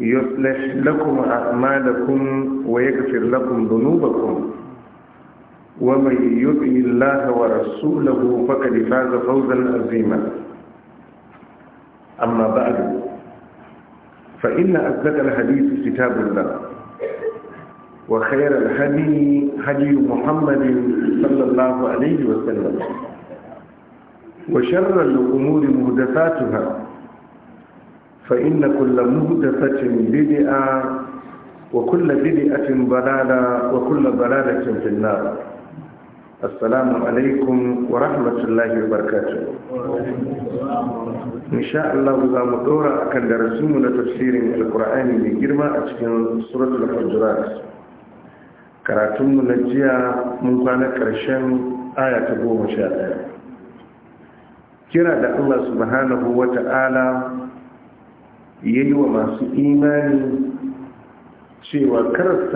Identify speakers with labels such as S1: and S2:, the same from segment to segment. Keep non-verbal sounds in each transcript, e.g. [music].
S1: يصلح لكم أعمالكم ويغفر لكم ذنوبكم ومن يطع الله ورسوله فقد فاز فوزا عظيما أما بعد فإن أصدق الحديث كتاب الله وخير الهدي هدي محمد صلى الله عليه وسلم وشر الأمور مهدفاتها فإن كل مهدفة بدعة وكل بدعة ضلالة وكل ضلالة في النار السلام عليكم ورحمة الله وبركاته إن شاء الله إذا مدورة أكن درسومنا تفسير القرآن من جرمة أتكن سورة الحجرات كراتم نجيا من كان كرشان آية تبوه شاء كرا الله سبحانه وتعالى ya yi wa masu imani cewa kar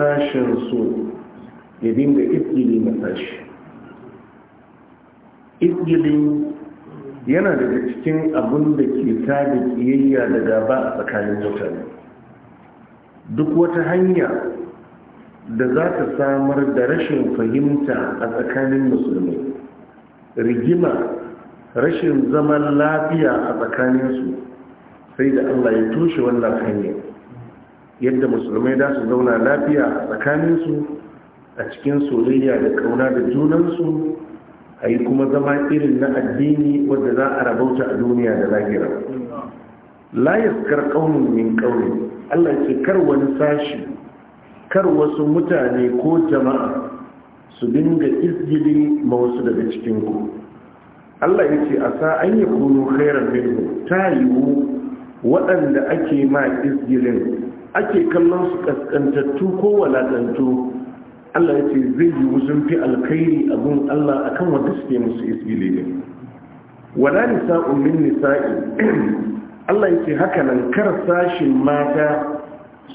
S1: ya dinga ifgili na tashi ifgili yana daga cikin abin da ke da kiyayya da gaba a tsakanin mutane duk wata hanya da za ta samar da rashin fahimta a tsakanin musulmi rigima rashin zaman lafiya a tsakaninsu sai da allah ya toshe wannan hanyar yadda musulmai da su zauna lafiya a tsakaninsu a cikin soyayya da kauna da junansu a yi kuma zama irin na addini wadda za a rabauta a duniya da lahira la yaskar kaunin min kauni allah ce kar wani sashi kar wasu mutane ko jama'a su dinga izgili ma wasu daga cikinku allah ya ce a sa an yi kunu khairar minhu ta yiwu waɗanda ake ma izgirin ake kallon su kaskantattu ko walatantu Allah ya ce zai yi wuzin fi alkhairi abin Allah akan wanda suke musu izgili ne wala nisa'un min nisa'i [clears throat] Allah ya ce haka nan kar sashin mata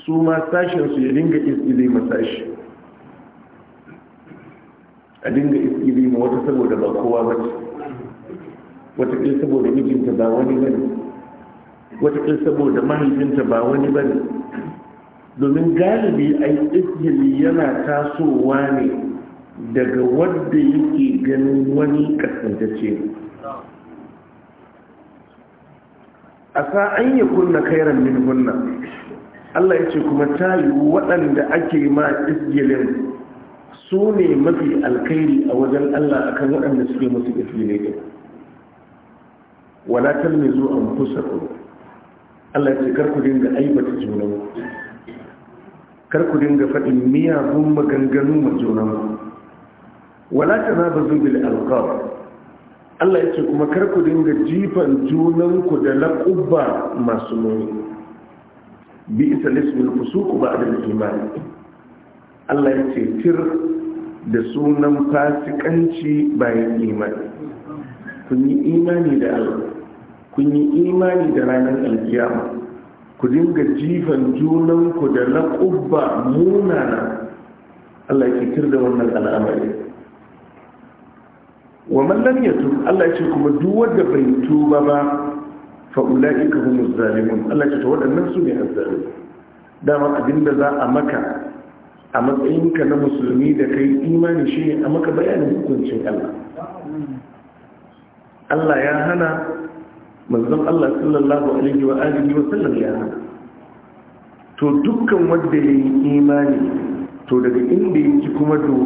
S1: su ma sashin su ya dinga izgili ma sashi a dinga izgili ma wata saboda ba kowa ba ce wata saboda mijinta ba wani ne wataƙil saboda mahaifinta ba wani ba ne domin galibi a yi yana tasowa ne daga wadda yake ganin wani ce. a sa'an ya kunna kairan min hunna allah ya ce kuma ta yi waɗanda ake ma isgilin su ne mafi alkairi a wajen allah akan waɗanda suke musu isgilin wala talmizu an kusa kuma Allah ce kar ku dinga aibata junan kar ku dinga faɗin miyagun maganganu ma junan wala ta na bazu bil alqab Allah ya ce kuma kar ku dinga jifan junan ku da laqubba masu muni bi isa lismul fusuq ba'da al iman Allah ya ce tir da sunan fasikanci bayan imani kun yi imani da Allah kun yi imani da ranar alkiyama ku dinga jifan junanku da laƙubba munana Allah ke tir da wannan al'amari wa mallan ya tu Allah ce kuma duk wanda bai tuba ba fa ka humuz zalimun Allah ce to waɗannan su ne azzalimi dama da za a maka a matsayinka na musulmi da kai imani shi ne a maka bayanin hukuncin Allah Allah ya hana manzon Allah sallallahu alaihi wa alihi wa sallam ya hana to dukkan wanda yayi imani to daga inda yake kuma doka